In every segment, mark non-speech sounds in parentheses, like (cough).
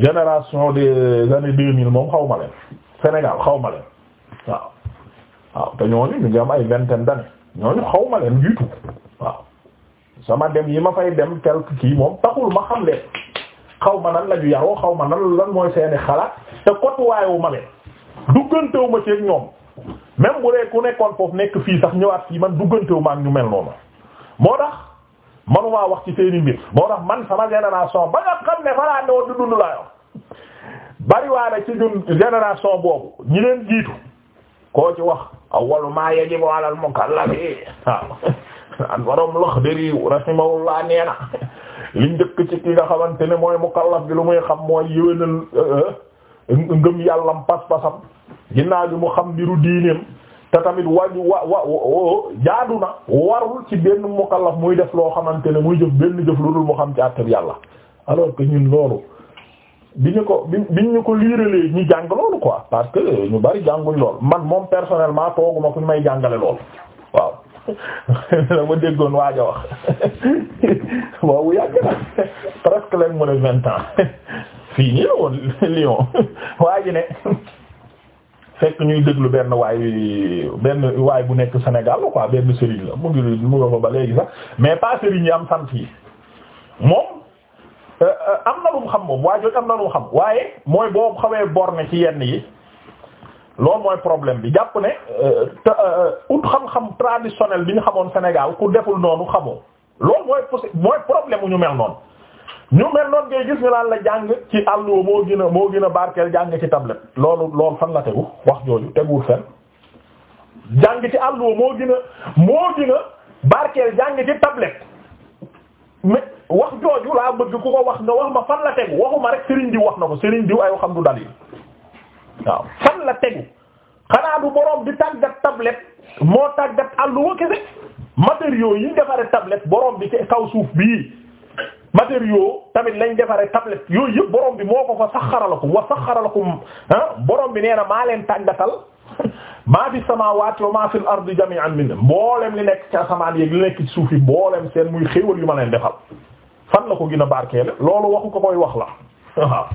génération de années deux mille moom xaw ma leen Sénégal xaw ma leen waaw waaw te ñooñu ñu ngi am ay vingtaine d'années ñooñu xaw ma leen du tout waaw sama dem yi ma fay dem quelque kii moom taxul ma xam leen xaw ma nan la ñu yaroo xaw ma nan lan mooy seeni xalaat te kotuwaayu ma leen duggantewu ma ci ak ñoom même bu dee ku nekkoon foofu nekk fii sax ñëwaat fii man duggantewu ma ak ñu mel noonu moo tax. manumaa wax ci seeni mbir moo tax man sama génération ba nga xam ne falaa di dund laa yoon bariwaane ci ñun génération boobu ñi leen jiitu koo ci wax awwalu maa yajibu alal mukallafi waaw an warom lox dëri rahimahullah nee na li njëkk ci ki nga xamante ne mooy mukallaf bi lu muy xam mooy yéwénal euh, ngëm yàllam pas-pasam ginnaaw bi mu xam mbiru diineem te tamit wa wa wa jaadu na warul ci benn mukallaf muy def loo xamante ne muy jëf benn jëf lu dul mu xam ci àttab yàlla alors que ñun loolu bi ñu ko bi ñu ko liiralee ñu jàng loolu quoi parce que ñu bari jànguñ lool man moom personnellement tooguma ku ñu may jàngale lool waaw la (laughs) ma déggoon waaj a wax (laughs) waaw yàgg na presque lañ mu ne vingt ans (laughs) fii nii la woon Lyon waaj ne fekk ñuy déglu benn waay benn waay bu nekk Sénégal quoi benn sëriñ la mu ngi mu nga fa ba léegi sax mais pas sëriñ yi am sant yi moom euh, euh, am na lu mu xam moom waa jooju am na lu mu xam waaye mooy boo xawee borne ci yenn yi loolu mooy problème bi jàpp ne euh, ut xam-xam traditionnel bi ñu xamoon Sénégal ku deful noonu xamoo loolu mooy mooy problème mu ñu mel noonu. ñu mel noonu ngay gis ñu naan la jàng ci àlluwa moo gën a moo gën a barkeel jàng ci tablette loolu loolu fan la tegu wax jooju teguwul fenn jàng ci àlluwa moo gën a moo gën barkeel jàng ci tablette wax jooju laa bëgg ku ko wax nga wax fan la tegu waxuma rek Serigne Diw wax na ko Serigne Diw ay waxam du dalil waaw fan la tegu xanaa du borom bi tàggat tablette moo tàggat àlluwa kese matériaux yi ñu defaree tablette borom bi ci kaw suuf bii. matériaux tamit lañ defaree tablette yooyu yëpp borom bi moo ko ko fa saxaralakum wa saxaralakum ah borom bi nee na maa leen tàggatal (laughs) maa fi samaawaati wa maa fil ardi jami'an min mboolem li nekk ci asamaan yeeg li nekk ci suuf yi mboolem seen muy xéewal yu ma leen defal fan la ko gën a barkeele loolu waxu ko koy wax la (laughs) waaw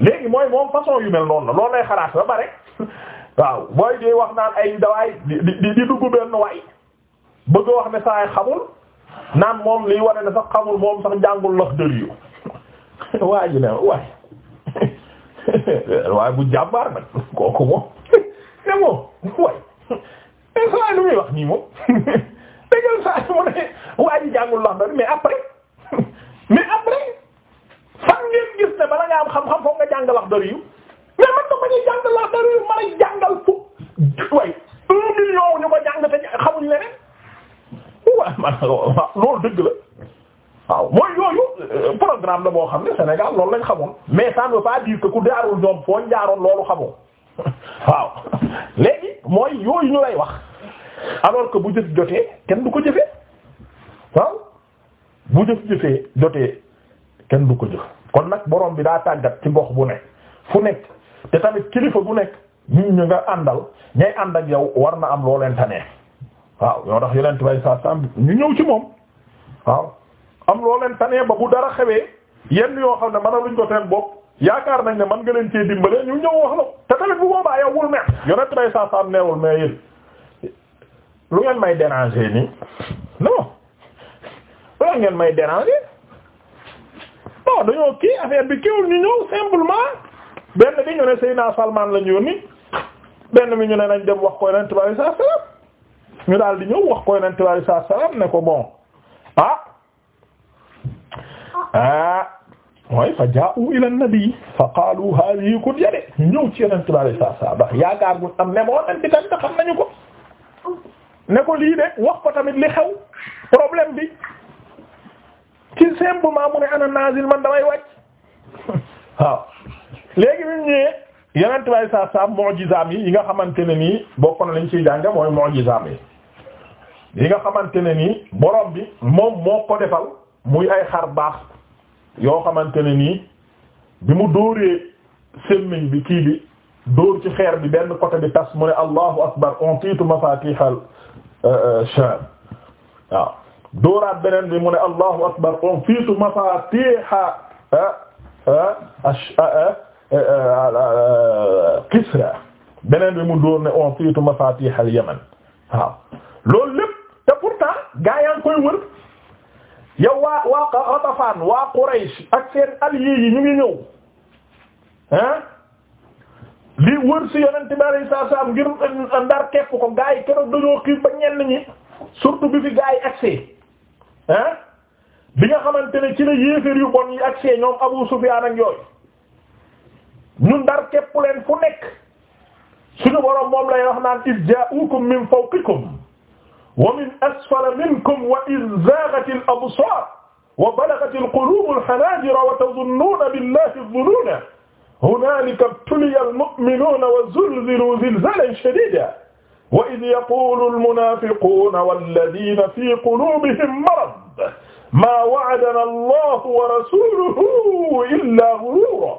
léegi mooy moom façon yu mel noonu na loolu lay xalaat ba bare (laughs) waaw booy dee wax naan ay dawaay di di di dugg benn waay bëgg wax ne saa xamul. naan moom liy wane ne sax xamul moom sax jàngul lox yu waa ji ne waay waaye bu jàmbaar nag kooku moom ne moom waay eh, saa lu muy wax nii moom dëggal saa yi mu ne waa jàngul lox dër mais après mais après ngeen gis ne bala nga am xam-xam nga jàng lox yu mais man dama ñuy jàng lox dër yu mën a jàngal fu waay un million ñu ko jàng te xamuñ leneen (laughs) waaw loolu dëgg la waaw mooy yooyu euh, programme la boo xam ne Sénégal loolu lañ xamoon mais ça ne veut pas dire ku jaarul ñoom foo jaaroon loolu xamoo (laughs) waaw léegi mooy yooyu ñu lay wax alors bu jëf jotee kenn du ko jëfee waaw bu jëf jotee kenn du ko jëf kon nag boroom bi daa tàggat ci gox bu nekk fu nekk te tamit kilifa bu nekk ñun ñu nga àndal ñay ànd ak yow war na am loo leen waaw yoo tax yeneen bay saa saam ñu ñëw ci moom waaw am loo leen tanee ba bu dara xewee yenn yoo xam ne mën luñ ko seen bopp yaakaar nañ ne man nga leen cee ñu ñëw wax la te tamit bu boobaa yow wul mer yonent bay saa lu ngeen may déranger nii non loolu ngeen may déranger non dañoo kii affaire bi kiiwul ñu ñëw simplement benn bi ñu ne Seydina Salman la ñu yónni benn bi ñu ne nañ dem wax ko yonent bay saa saam ñu daal di ñëw wax ko yonent bi sallallahu alayhi ne ko bon ah ah mooy fa jaa'u ila an-nabi fa qaalu hadhihi kudya de ñëw ci yonent bi sallallahu alayhi wasallam ndax yaakaar ne moo nen bi tamit xam nañu ko ne ko lii de wax ko tamit li xew problème bi ci simplement mu ne ana nazil man damay wàcc waaw léegi ñu ñëwee yonent bi sallallahu alayhi wasallam mu'jizaam yi yi nga xamante ne nii bokk na lañ ciy jànge mooy mu'jizaam yi yi nga xamante ne nii borom bi moom moo ko defal muy ay xar baax yoo xamante ne nii bi mu dóoree semmiñ bi kii bi dóor ci xeer bi benn côté bi tas mu ne allahu akbar on tiitu mafatihal euh, euh, sham beneen bi mu ne allahu akbar on tiitu mafatiha kisra beneen bi mu dóor ne on tiitu mafatihal yaman waaw loolu gaa koy wër yow waa waa Ghatafan waa Quraysh ak seen yi ñu ngi ñëw ah li wër si yonent bi alayhi salaam ngir eh, ndar képp ko gaa yi keroog ba ñenn ñi surtout bi fi gaa yi agsee ah bi nga xamante ne ci la yéeféer yu bon yi agsee ñoom Abu Sufyaan ak yooyu ñu ndar képp leen fu nekk suñu borom moom lay wax naan iz jaa'ukum min fawqikum wa min asfala minkum wa iz zaaghatil absaar wa balagatil quluubul hanaajir wa tazunnuuna billaahi zunuuna hunaalika ibtuliyal mu'minuuna wa zulziluu zilzaalan shadiidan wa iz yaquulul munaafiquuna wallaziina fii quluubihim marad maa wa'adanaa allaahu wa rasuuluhu illaa ghuruuraa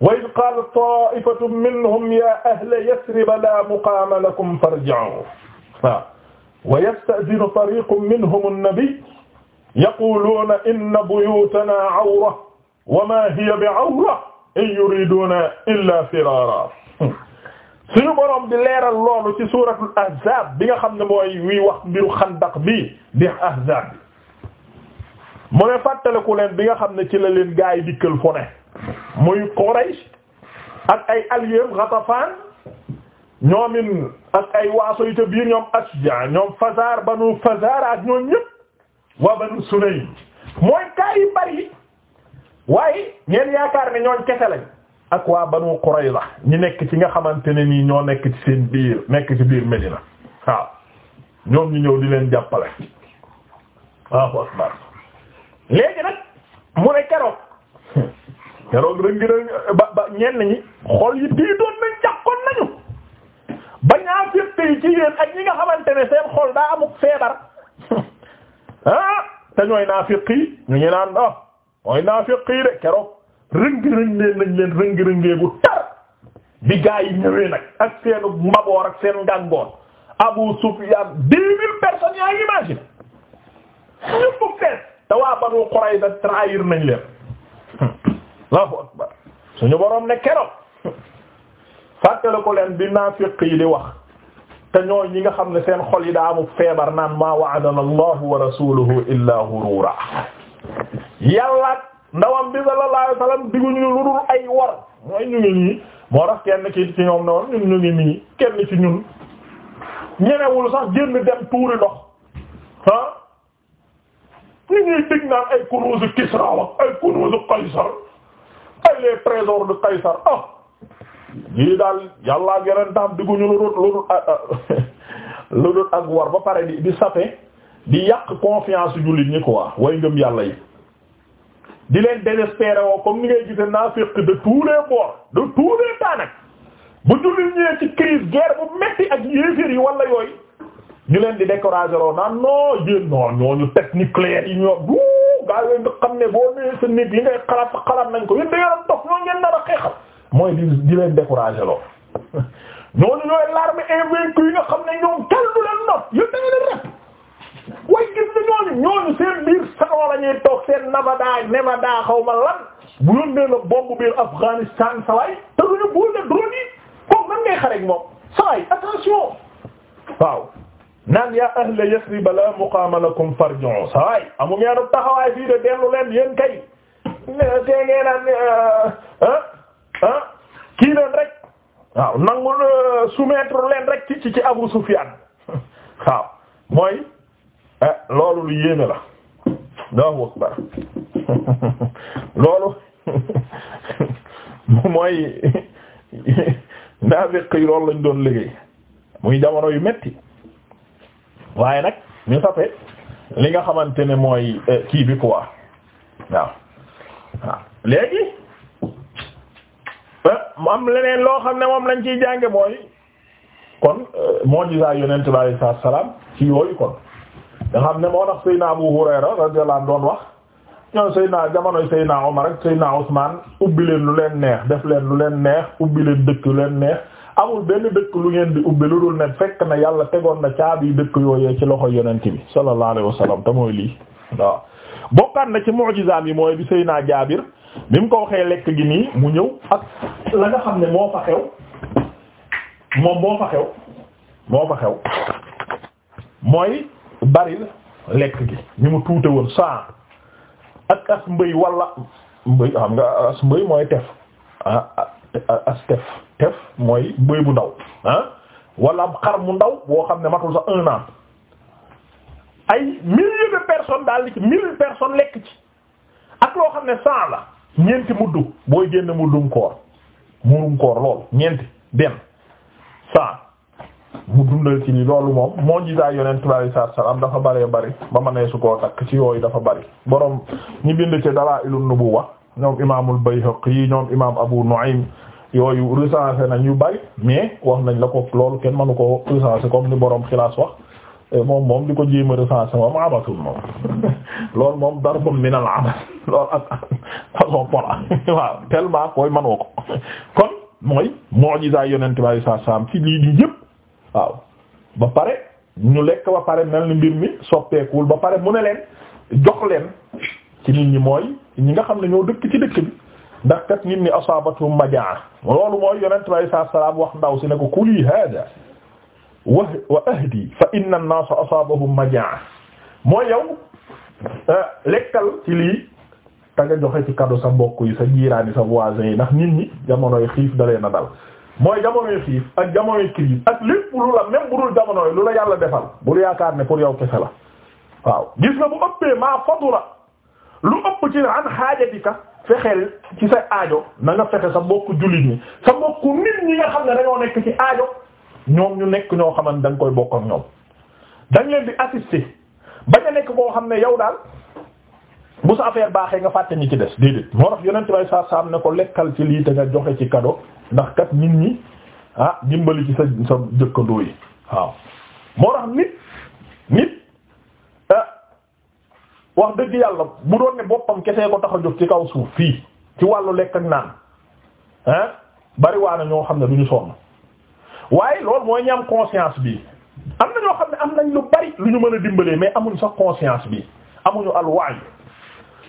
wa iz qaalat taa'ifatun minhum yaa ahla yasriba laa muqaama lakum farji'uu waaw wa yasta'dinu tariqun minhum an-nabi yaquluuna inna buyutana awra wa ma hiya bi'awra in yuriduna illa firara suñu boroom di leeral loolu ci suuratul ahzab bi nga xam ne mooy wiy wax mbiru xandaq bi di ahzab bi mu ne fàttaliku leen bi nga xam ne ci la leen gaa yi dikkal fu ne muy Quraysh ak ay alliés Ghatafan ñoomin ak ay waaso yi ca biir ñoom asja ñoom fazaar banu fazaar ak ñoom ñëpp waa banu sunay mooy kaa yi bari waaye ñeen yaakaar ne ñooñ kese lañ ak waa banu qurayza ñi nekk ci nga xamante ne nii ñoo nekk ci seen biir nekk ci biir Medina waaw ñoom ñu ñëw di leen jàppale waaw akbar léegi nag mu ne keroog keroog rëngi rëng ba ba ñenn ñi xol yi tiitoon nañ ba ñaafiq yi ci yéen ak ñi nga xamante ne seen xol daa amuk feebar ah te ñooy naafiq yi naan ah mooy naafiq de keroog rëng-rëngee nañ leen rëng-rëngee bu tar bi gaa ñëwee nag ak seenu maboor ak seen ngàngoon Abu Sufyan dix mille personnes yaa imagine ñëpp bu fees ne keroog fàttale ko leen bi naafiq yi wax te ñooy ñi nga xam ne seen xol yi daamu amul feebar naan maa wa'adana allahu wa rasuluhu illaa ghurura yàlla ndawam bi sallallahu alayhi wasallam diguñu lu dul ay war mooy ñu ngi nii moo tax kenn ki ci ñun ñu ngi nii kenn ci ñun ñenewul dem tuuri ndox ah ñu ñuy dig ay kunuusu Kisra ay kunuusu Qaysar ay les trésors de Qaysar ah lii daal yàllaa gërëm taam digguñu lu dul lu dul ah, ah, (laughs) lu dul ak war ba pare di di sape di yàq confiance jullit ñi quoi way ngëm yàlla yi. di leen désespéré woo comme ni ngay gise naafiq de tous les bords de tous les temps nag bu jullit ñëwee ci crise guerre bu metti ak yéeféer yi wala yooyu ñu leen di décourager loo naan non yéen non ñooñu teg yi ñoo du gaa nga xam ne boo nee sa nit yi ngay xalaat xalaat nañ ko yéen da yaram dox a xeexal mooy di di leen découragé lool (laughs) ñooñu ñooy l'armée invaincue yi nga xam ne ñoom kenn du ñooñu ñooñu seen biir sanoo la toog seen Nevada Nevada xaw ma lan bu yónnee la bombe biir Afghanistan saway te duñu buul ne drone yi kooku nan ngay xareek moom saway attention waaw naan yaa ahla Yasrib la muqaama lakum farji'u saway amu ngeen taxawaay fii de dellu leen yéen kay tee ngeenaan ah kii leen rek waaw nangul euh, soumettre leen rek ci ci ci Abu Sufyan (laughs) waaw mooy eh, loolu lu yéeme la (laughs) loolu (laughs) mooy naafiq yi loolu lañ doon liggéey muy jamono yu metti waaye nag ñu sape li nga xamante ne mooy eh, kii bi quoi waaw waaw Eh, mu am leneen loo xam ne moom lañ ciy jànge mooy kon eh, mujiza yonent bi alayhi salaatu wa salaam ci yooyu kon nga xam ne moo tax Seydina Abu Hurayra radiyallahu anhu doon wax ñoom Seydina jamonoy Seydina Omar ak Seydina Ousmane ubbi leen lu leen neex def leen lu leen neex ubbi leen dëkk lu leen neex amul benn dëkk lu ngeen di ubbi lu dul ne fekk na yàlla tegoon na caabi dëkk yooyee ci loxo yonent bi sallallahu alayhi wa sallam te mooy lii waaw bokkaat na ci mujizaam yi mooy bi bi mu ko waxee lekk gi nii mu ñëw ak la nga xam ne moo fa xew moom moo fa xew mooy bari lekk gi ni mu tuute woon saa ak as mbëy wala mbëy xam nga as mbëy mooy tef ah, ah as tef tef mooy mbëy bu ndaw ah, walla wala xar mu ndaw woo xam ne matul sax un an ay milliers de personnes daal di ci mille personnes lekk ci ak loo xam ne saa la ñeenti muddu booy génn muddum koor murum koor loolu ñeenti benn saa mu dundal ci loolu moom moo gisaay yonent bi alayhi salaatu salaam dafa bëree bari ba ma nee su koo takk ci yooyu dafa bëri borom ñi bind ci Dalaa'ilun Nubuwwa ñoom imaamul Bayhaqi ñoom imaam Abu Nu'aym yooyu recensé nañ yu bëri mais wax nañ la ko loolu kenn mënu ko recensé comme ni borom xilaas wax Euh, moom moom di ko jéem a recensé moom abatul moom (laughs) loolu moom darbun min al abat (laughs) loolu ak façon pola (laughs) waaw tellement koy manoo ko kon mooy mu'jiza yonent bi sallallahu alayhi wasallam ci lii di yëpp waaw ba pare ñu lekk ba pare mel ni mbir mi soppeekuwul ba pare mu ne leen jox leen ci nit ñi mooy ñi nga xam ne ñoo dëkk ci dëkk bi ndax kat nit ñi asabatu majaa loolu mooy yonent bi sallallahu alayhi wasallam wax ndaw si ne ko kuli hada wa wa ahdi fa inna an-naasa asaabahum majaa mooy yow euh, lekkal ci lii te joxe ci cadeau sa bokk yi sa jiiraani sa voisin yi ndax nit ñi jamonoy xiif dalee na dal mooy jamonoy xiif ak jamonoy crise ak lépp lu la même bu dul jamonoy lu la yàlla defal bul yaakaar ne pour yow kese la waaw gis nga bu ëppee maa fadula lu ëpp ci an xaajatika fexeel ci sa aajo na fexe sa mbokk jullit ñi sa mbokk nit ñi nga xam ne dañoo nekk ci aajo ñoom ñu nekk ñoo xamante da nga koy bokk ñoom dañ leen di assister bañ a nekk boo xam ne yow daal bu sa affaire baaxee nga fàtte ñi ci des déedéet moo tax yonent bay saa am ne ko lekkal ci lii te nga joxe ci kado ndax kat nit ñi ah dimbali ci sa sa jëkkandoo yi waaw moo tax nit nit ah, wax dëgg yàlla bu doon ne boppam kesee ko tax jóg ci kaw suuf fii ci wàllu lekk ak naan ah bari waa na ñoo xam ne du ñu sonn waaye loolu mooy ñam conscience bi am na ñoo xam ne am nañ lu bari lu ñu mën a dimbalee mais amuñ sax conscience bii amuñu alwaay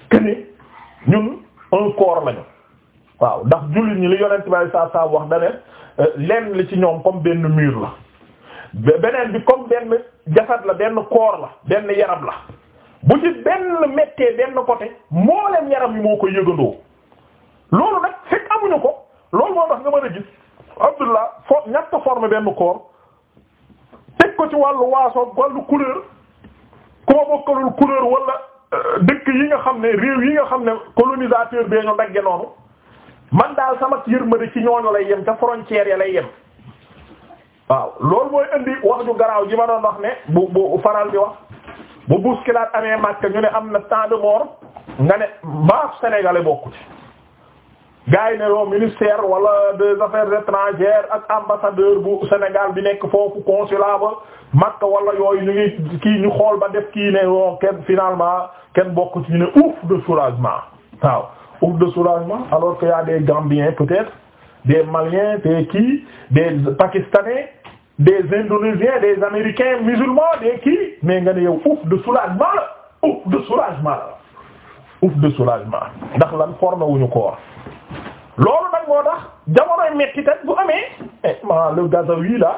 que ne ñun un corps lañu waaw ndax jullit ñi li yonent bi saa saa wax da ne lenn li ci ñoom comme benn mur la beneen bi comme benn jasad la benn corps la benn yaram la bu ci benn méttee benn côté moo leen yaram yi moo koy yëgandoo loolu nag fekk amuñu ko loolu moo tax nga mën a gis. Abdullah fo ñett forme benn koor teg ko ci wàllu waasoog wàllu couleur koo bokkalul couleur wala euh, dëkk yi nga xam ne réew yi nga xam ne colonisateur bee ñu dagge noonu man daal sama yërmande ci ñooñu lay yem ca frontière ya lay yem waaw loolu mooy indi wax ju garaaw ji ma doon wax ne bu bu faral di wax bu bousculade amee Makka ñu ne am na temps de mort nga ne maaf sénégalais bokku gars yi ne loo ministère wala des affaires étrangères ak ambassadeur bu Sénégal bi nekk foofu consulat ba Makka wala yooyu ñu ngi kii ñu xool ba def kii ne yoo kenn finalement kenn bokk ci ñu ne ouf de soulagement waaw ouf de soulagement alors que a des Gambiens peut-être des Maliens des kii des Pakistanais des de des Américains musulmans des kii mais nga ne yow ouf de soulagement ouf de soulagement ouf de soulagement ndax lan formé wuñu ko loolu nag moo tax jamonoy metti kat bu amee eh, ma le Gazaoui là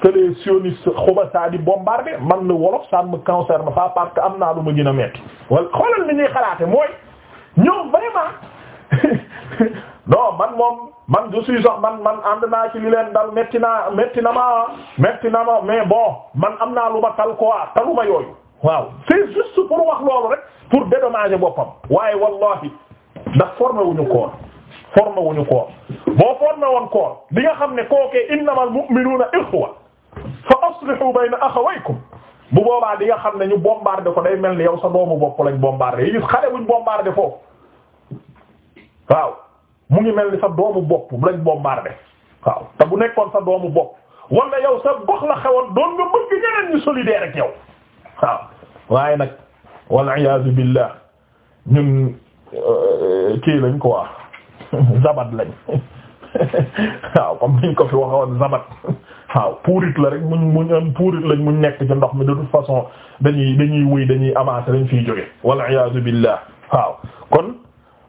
que les sionistes xubasaa di bombarder man le wolof ça me concerne pas parce que am naa lu ma gën a metti wala xoolal li ñuy xalaate mooy ñoom vraiment (laughs) non man moom man je suis sax man man ànd naa ci leen dal metti naa metti na ma metti na ma mais bon man am naa lu ma tal quoi taluma yooyu waaw c'est juste pour wax loolu rek pour dédommager boppam waaye wallahi ndax formé wuñu koor formé wuñu koor boo formé woon koor li nga xam ne kookee innamal mu'minuuna ixwa fa aslihu bayna axawaykum bu boobaa li nga xam ne ñu bombardé ko day mel ni yow sa doomu bopp lañ bombardé yi gis xale buñ bombardé foofu waaw mu ngi mel ni sa doomu bopp lañ bombardé waaw te bu nekkoon sa doomu bopp wala yow sa gox la xewoon doon nga bëgg ñeneen ñu solidaire ak yow nag wal iyaazu billah ñun euh, kii lañ ko wax (laughs) zabat lañ (laughs) waaw comme niñ ko fi waxoon zabat waaw puurit la rek muñ muñ puurit lañ muñ nekk ci ndox mi de toute façon dañuy dañuy wéy dañuy avancer dañ fiy jóge wal iyaazu billah waaw kon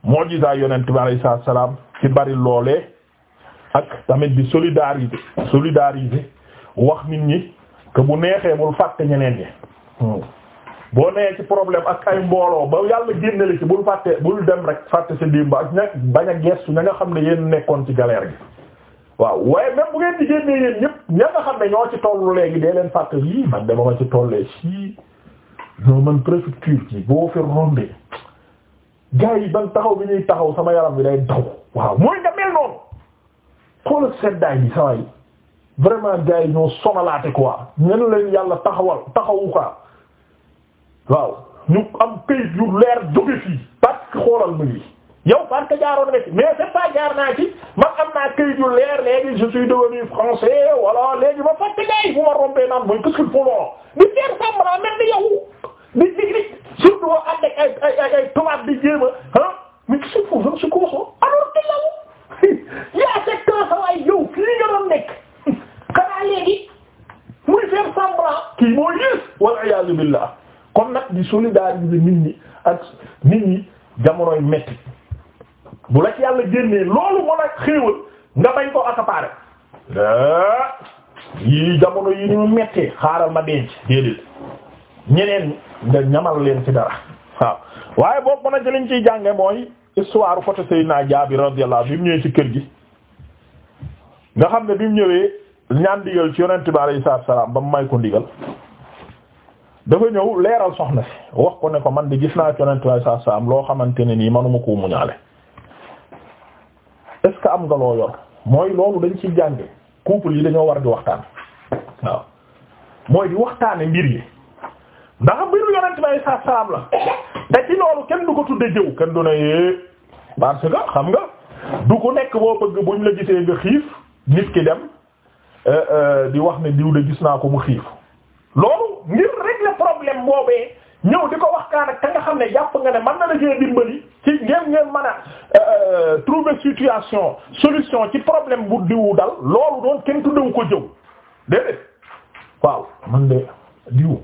mujiza yonent bi alayhi salaam ci bari loolee ak tamit di solidariser solidariser wax nit ñi que bu neexee bul fàtte ñeneen ñi hmm. boo nee ci problème ak ay mbooloo ba yàlla génne la ci bul fàtte bul dem rek fàtte sa démb ak ña bañ a gestu ña nga xam ne yéen nekkoon ci galère gi waaw waaye ñëpp xam ne ñoo ci tollu léegi dee leen fàtte yii man de ba ma ci tollee sii ñoo man préfecture ci boo fi rombé gars yi ban taxaw bi ñuy taxaw sama yaram bi day daw waaw mooy nga mel noonu xoolal seddaay bi saway vraiment gars yi ñoo sonalaate quoi ñen leen yàlla taxawal taxawu quoi waaw ñu am këyit yu leer jóge fii parce xoolal ma lii yow jaaroon nga ci mais c'est jaar naa ci man am naa këyit yu leer léegi je suis devenu français voilà léegi ma fàtte gay bu ma rompee naan mooy qu'est-ce qu'il faut lool di faire semblant ni yow di surtout ay ay ay ay tubaab di jéem a ah mais qu'est-ce qu'il faut je yaa fekk na sa waay yow fii nga doon nekk (laughs) xanaa léegi muy faire semblant kii moo yées wal iyaazu billah comme nag di solidariser nit ñi ak nit ñi jamonoy metti bu la ci yàlla génnee loolu moo la xéewal nga bañ ko accaparer ah mu mettee xaaral ma denc déedéet ñeneen nga ñamal leen ci dara waaw waaye boobu mën a jëliñ ciy jànge mooy histoire côté Seydina Jaabir radiyallahu bi mu ñëwee ci kër gi nga xam ne bi mu ñëwee ñaan digal ci yonent bi alayhi salaam ba mu may ko ndigal dafa ñëw leeral soxna si wax ko ne ko man di gis naa yonent way saa am loo xamante ne nii manuma koo muñaale est ce que am nga loo yor mooy loolu dañ ci jàng couple yi dañoo war di waxtaan waaw mooy di waxtaane mbir yi ndax mbiru yonent way saa la te ci loolu kenn du ko tudde jëw kenn du ne eh, parce que xam nga du ko nekk boo bëgg buñ la gisee nga xiif nit ki dem eh, eh, di wax ne diw de gis naa ko mu xiif loolu ngir régler problème boobee ñëw di ko waxtaan ak ka nga xam ne jàpp nga ne mën na la jëlee dimbali ci ngeen ngeen mën a euh, euh, trouver situation solution ci problème bu diwu dal loolu doon kenn tuddewu ko jëw déedéet waaw man de diw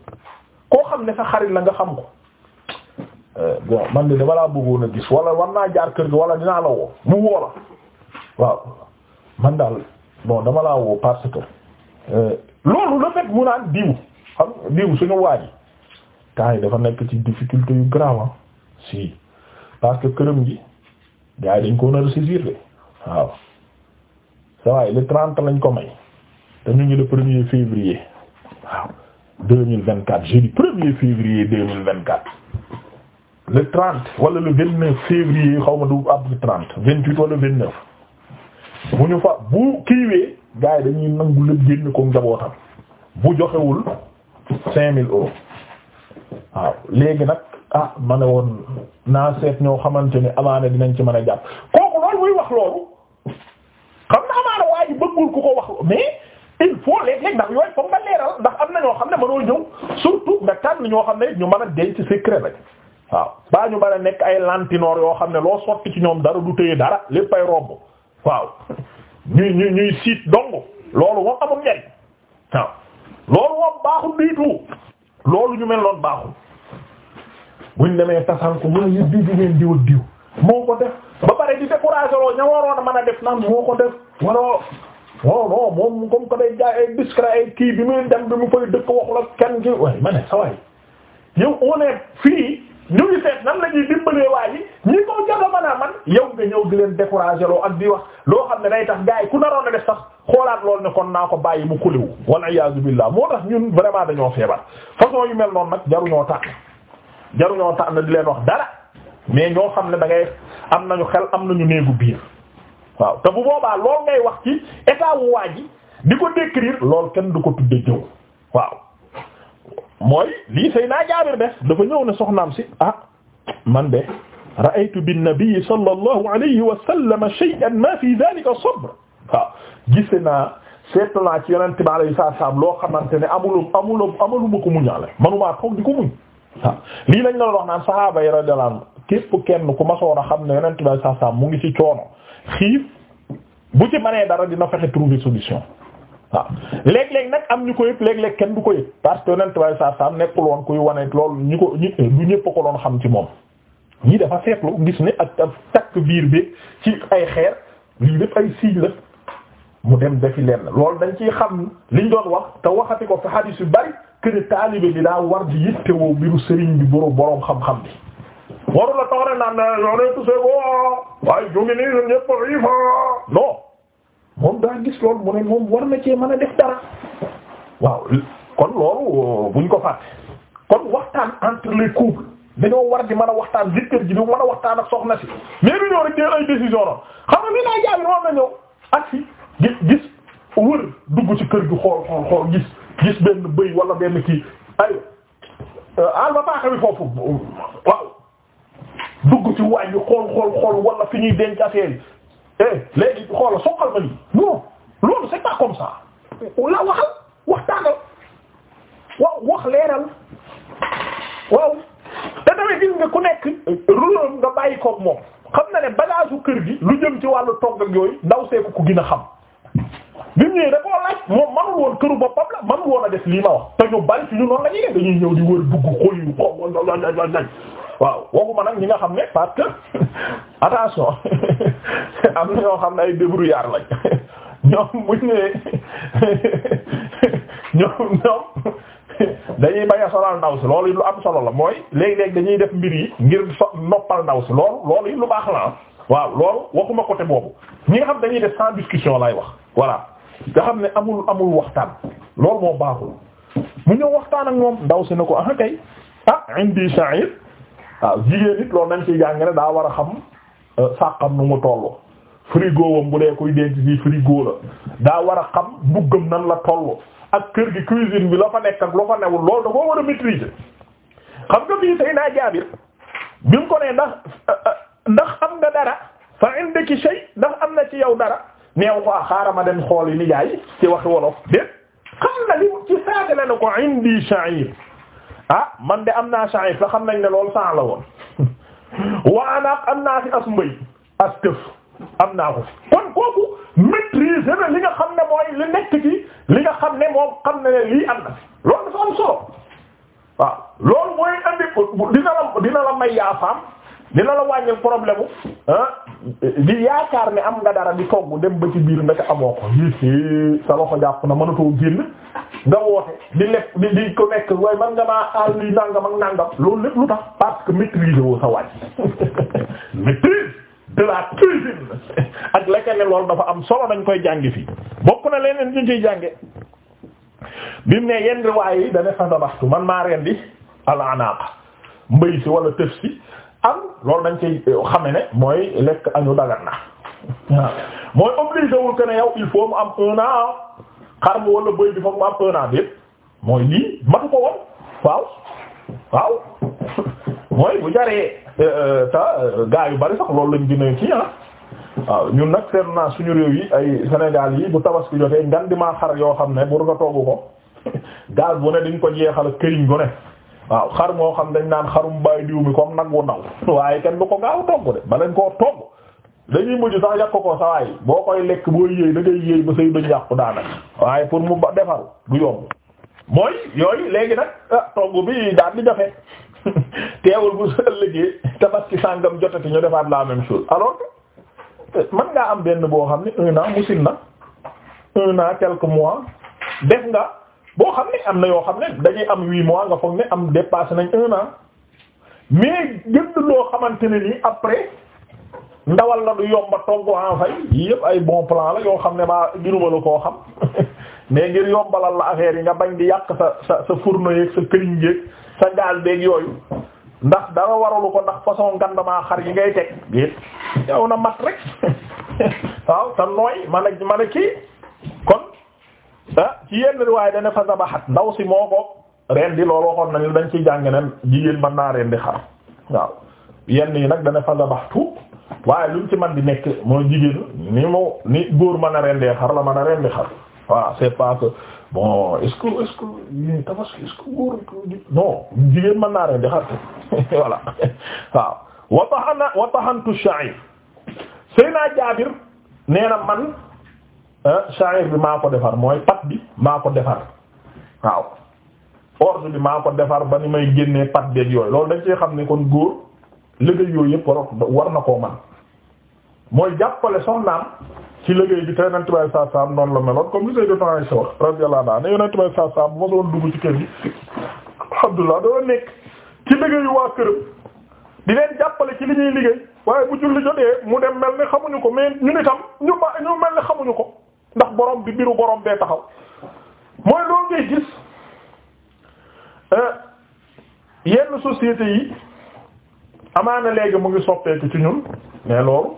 koo xam ne sa xarit na nga xam ko euh, bon man de dama laa bëggoon a gis wala war naa jaar kër gi wala dinaa la woo mu woo waaw man daal bon dama laa woo parce que loolu la fekk mu naan diw xam diw suñu waaj temps yi dafa nekk ci difficulté yu grave si parce que këram gi gars yi dañ ko nar ci saisir de waaw sa waay le trente lañ ko may te ñu ngi le premier février waaw deux mille vingt quatre jeudi premier février deux mille vingt quatre le trente wala le vingt neuf février xaw ma du ab le trente vingt huit wala vingt neuf bu ñu fa bu kiiwee gars yi dañuy nangu lépp génn ko njabootam bu joxewul cinq mille euros waaw léegi nag ah ma ne woon naa seet ñoo xamante ni amaane dinañ ci mën a jàpp kooku loolu muy wax loolu xam na amaana waa ji bëggul ku ko wax mais il faut léeg-léeg ndax yooyu foog nga leeral ndax am na ñoo xam ne mënoo ñëw surtout nga tànn ñoo xam ne ñu mën a denc secret rek waaw baa ñu mën nekk ay lantinoor yoo xam ne loo sotti ci ñoom dara du téye dara lépp ay romb waaw ñuy ñuy siit dong loolu moom amul njariñ waaw. loolu moom baaxul diitu loolu ñu mel noonu baaxul buñ demee tasan ko waaye di jigéen diw diw moo ko def ba pare di découragé loo ña waroon a mën a def naan moo ko def waroo non non moom comme que day jaay ay ay kii bi muy dem bi mu fay dëkk waxul kenn ki waaye ma ne sa yow on est fii ñu ngi seet nan la ñuy dimbalee waa ji ñi ko jota mën a man yow nga ñëw di leen décourager loo ak di wax loo xam ne day tax gars yi ku naroon a def sax xoolaat lool ne kon naa ko bàyyi mu kuliwu wala iyaazu billah moo tax ñun vraiment dañoo feebar façon yu mel noon nag jaruñoo tànn jaruñoo tànn di leen wax dara mais ñoo xam ne da ngay am nañu xel am nañu néegu biir waaw te bu boobaa loolu ngay wax ci état wu waa ji di ko décrire lool kenn du ko tudde jëw mooy lii say naa Jaabir def dafa ñëw ne soxnaam si ah man de ra'aytu bin nabi sallallahu alayhi wa sallam shay'an ma fi dhalika sabr waaw gise naa seetlu naa ci yonent bi alayhi loo xamante ne amul amul amuluma ko muñaale manumaa toog di ko muñ lii lañ la wax naan sahaaba yi radiyallahu anhu képp kenn ku masoon a xam ne yonent bi alayhi salaam mu ngi ci coono xiif bu ci mënee dara na fexe trouver solution waaw léeg-léeg nag am ñu ko yëg kenn du ko yëg parce que yonent bay saa saa nekkul woon kuy wane loolu ñu ko ñu eh, du ñëpp ko doon xam ci moom ñii dafa seetlu gis ni ak ak takk biir bi ci ay xeer lii lépp ay signe la mu dem defi leen loolu dañ ci xam liñ doon wax te waxati ko fi hadis yu bari kër taalibe bi daa war di yittewoo mbiru sëriñ bi borom borom xam-xam bi. waru la toog rek naan ne eh, yow de tout ce waaye jóge nii ñëpp a non. moom daa gis loolu mu ne moom war na cee mën a def dara waaw kon loolu buñ ko fàtte kon waxtaan entre les couples dañoo war di mën a waxtaan jëkkër gi du mën a waxtaan ak soxna si mais du ñëw rek dee ay décision noonu xam nga mi naa jaabi moom ñëw ak si gis gis wër dugg ci kër gi xool xool xool gis gis benn bëy wala benn kii ay al euh, ba paaka bi foofu waaw dugg ci waañ bi xool xool xool wala fi ñuy denc affaire eh léegi xoola soqal ma lii non loolu c'est pas comme ça la waxal waxtaanal waaw wax leeral waaw te tamit gis nga ku nekk ruloom nga bàyyi koog moom xam na ne bagage kër gi lu jëm ci wàllu togg ak yooyu ndaw seeku ku gën a xam bi mu ñëwee da koo laaj moom manul woon këru boppam manul woon a def lii ma wax te ñu bari ci ñu noonu la ñuy def dañuy ñëw di wër dugg xool yu xaw ma waaw waxuma nag ñi nga xam ne parce que (laughs) attention (laughs) am na ñoo xam ne ay débrouillard lañ (laughs) ñoom buñ nee ñoom ñoom dañuy bañ a ndaw si loolu lu am solo la mooy léeg-léeg dañuy def mbir yi ngir noppal ndaw si loolu loolu yi lu baax la ah. waaw loolu waxuma côté boobu ñi nga xam dañuy def sans discussion lay wax voilà nga xam ne amul amul waxtaan loolu moo baaxul mu ñëw waxtaan ak moom ndaw si na ko ah kay ah indi sha'ir waaw jigéen it loolu nañ ciy jàng daa war a xam euh, sàqam nu mu toll frigo wam bu dee kuy denc ci frigo la daa war a xam mbuggam nan la toll ak kër gi cuisine bi la fa nekk ak loo fa newul da koo war a xam nga fii say naa jaabir bi mu ko nee ndax euh, euh, ndax am nga dara fa indaki shay ndax am na ci yow dara neew ko ah, xaaral ma dem xool yi jaay ci waxi wolof déet xam na li ci saate la ne ko indi sha'ir ah man de am naa sha'if la xam nañ ne loolu saa la (laughs) am naa fi as mbay as këf am naa ko kon kooku maîtriser na li nga xam ne mooy li nekk ci li nga xam ne moom xam ne lii am na fi loolu dafa am solo waaw mooy andi dina la may la may dina la wàññil problème ah di yaakaar ni am nga dara di togg dem ba ci biir ndaka amoo ko yi sa loxo jàpp na mënatoo génn nga woote di lekk di di ko nekk waaye man nga maa aal lii nangam ak nangam loolu lépp lu tax parce que maîtrise woo sa wàññ (laughs) maîtrise ak la ne loolu dafa am solo dañ koy jàngi fii bokk na leneen ñu ciy jànge bi ne yenn riwaay yi da ne fa sabaxtu man maa rendi al anaqa si wala tëf si am loolu dañ ci xame ne mooy lekk añu dagan na mooy obligé am un an ah. xar mu wala mu am un an déet mooy lii matu ko woon waaw waaw mooy bu jaree euh, euh, gaa yu bari sax loolu lañ gën a kii ñun nag suñu réew yi ay Sénégal yi bu tabaski jotee ngan di maa yoo xam ne bu nga toogu ko (laughs) gaz bu ne dañ ko jeexal këriñ gu ne waaw xar moo xam dañ naan xarum bàyyi diw mi comme nag wu ndaw (laughs) waaye kenn du ko gaaw togg de balañ koo togg dañuy mujj sax yàq ko sa waay boo koy lekk boo yéey da ngay yéey ba say duñ yàqu daanaka waaye pour mu ba defaru du yomb mooy yooyu léegi nag ah togg bi daal di jafe (laughs) teewul bu sa ëllëgee tabaski sàngam jotati ñu defaat la même chose alors que mën ngaa am benn boo xam ne un an musin na un an quelques mois def nga. boo xam ne am na yoo xam ne dañuy am huit mois nga foog ne am dépassé nañ un an mais gënd loo xamante ne nii après ndawal la du yomba togg en fay yëpp ay bon plan la yoo xam ne baa ginuma la koo xam (laughs) mais ngir yombalal la affaire yi nga bañ di yàq sa sa sa fourneau yeeg sa këriñ yeeg sa gaal beeg yooyu ndax dara waralu ko ndax façon ngandamaa xar yi ngay teg yépp yow na mat rek (laughs) waaw te nooy man a man a kii kon ah ci yenn riwaay dana fa zabaxat ndaw si moo ko rendi loolu waxoon nañu dañ ciy jàng ne jigéen mën naa rendi xar waaw yenn yi nag dana fa zabaxtu waaye lu mu ci man di nekk mooy jigéen ni mu ni góor mën a rendee xar la mën a rendi xar waaw c'est pas que bon est-ce que est-ce que yéen tabaski est-ce jigéen mën naa rendi xar (laughs) voilà waaw wa taxana wa taxantu sha'ir Seyna Jaabir nee na man sha'ir euh, bi maa ko defar mooy pat bi maa ko defar waaw orge bi maa ko defar ba ni may génnee pat beeg yooyu loolu dañ ci xam ne kon góor liggéey yooyu yëpp war na koo man mooy jàppale soxnaam ci liggéey bi te yonent bay saa saam la meloon comme li Sayyidatu Aisha wax radiyallahu anha yonent bay saa saam bu ma doon dugg ci kër gi Abdullah doo nekk ci liggéeyu waa këram di leen jàppale ci li ñuy liggéey waaye bu julli jotee mu dem mel ni xamuñu ko m ñu ko ndax borom bi mbiru borom bee taxaw mooy loolu ngay gis euh, yenn société yi amaana léegi mu ngi soppeeku ci ñun mais loolu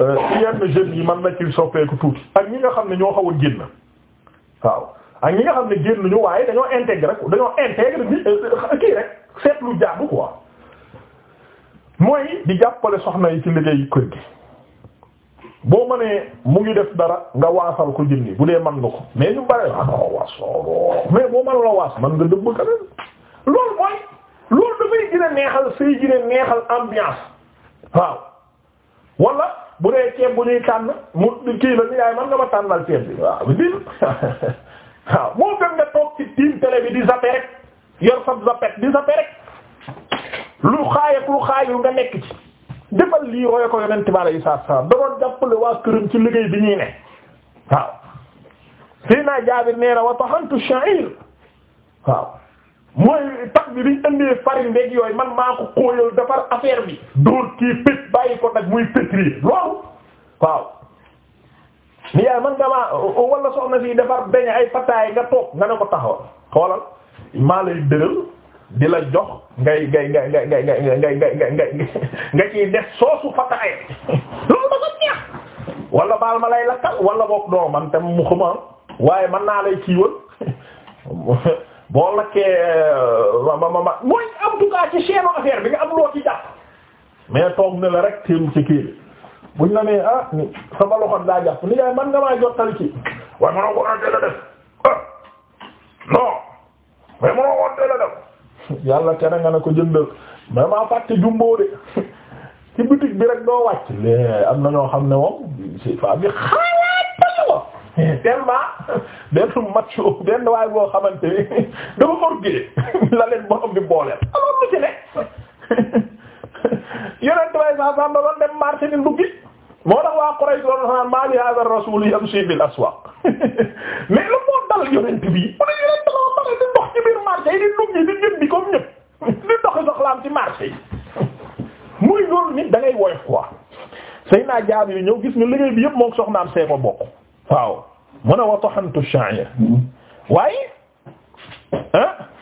euh, ci yenn jeunes yi man na ci soppeeku tuuti ak ñi nga xam ne ñoo xaw a génn waaw ak ñi nga xam ne génn ñu waaye dañoo intégré dañoo intégré bi euh, kii rek seetlu jaabu quoi mooy di jàppale soxna yi ci liggéeyu kër gi. boo mënee mu ngi def dara nga waasal ko jëndi bu dee man nga ko mais ñu bare ah mais boo mën la waas mën nga dëbb ka nen loolu mooy loolu dafay gën a neexal say gën a neexal ambiance waaw wala bu dee ceeb bu ñuy tànn mu kii la ñu yaay mën nga ma tànnal ceeb bi waaw bi dim (laughs) waaw moo gën nga toog ci tiim télé bi di zappe rek yor sa zappet di zappe rek lu xaay ak lu xaayul nga nekk ci defal lii roye ko yonent bi alayhi salaatu salaam da doon jàppale waa këram ci liggéey bi ñuy ne waaw Seydina Jaabir nee na wa taxantu sha'ir waaw mooy tax bi liñ indee farine ndeg yooyu man maa ko kóoyal defar affair bi dóor kii pét bàyyi ko nag muy pétrir loolu waaw ni yaay man damaa wala soxna si defar beñe ay pataay nga toog nga ne ko taxawal xoolal maa lay dëral di la jox ngay ngay ngay ngay ngay ngay ngay ngay ngay nga ciy def soosu fataaye loolu dafa neex wala baal ma lay lakkal wala boog doo man tam mu xuma waaye mën naa lay kiiwal boo lakkee ma ma ma mooy am dugaa ci chaîne affaire bi nga am loo ci jàpp mais toog ne la rek téem ci kii bi buñ la nee ah sama loxo daa jàpp ni ngay man nga maa jottali ci waaye mënoo ko anteel a def non mais mënoo ko anteel a def yàlla tere nga ne ko jëndal mais maa fàtte jumbo de (laughs) ci boutique bi rek doo wàcc mais am na ñoo xam ne moom c'est pas bi xalaat ko tellement (laughs) benn match benn waay boo xamante ni (laughs) dafa orgueil la leen borom bi booleel. alors lu ci ne yonent way sa sam da doon dem marché ni nduggi moo tax waa Quraysh doon xanaa maa li hada rasul yamshi bil aswaq mais lu moo dal yonent ne yonent la ba pare di dox marché yi di dugg di jëndi comme ñëpp di doxi soxlaam ci marché yi muy loolu nit da ngay woyof quoi Seydina Jaabir yi ñëw gis nga yëpp moo soxnaam see ko bokk waaw mu ne wa tahantu sha'ir hmm. waaye ah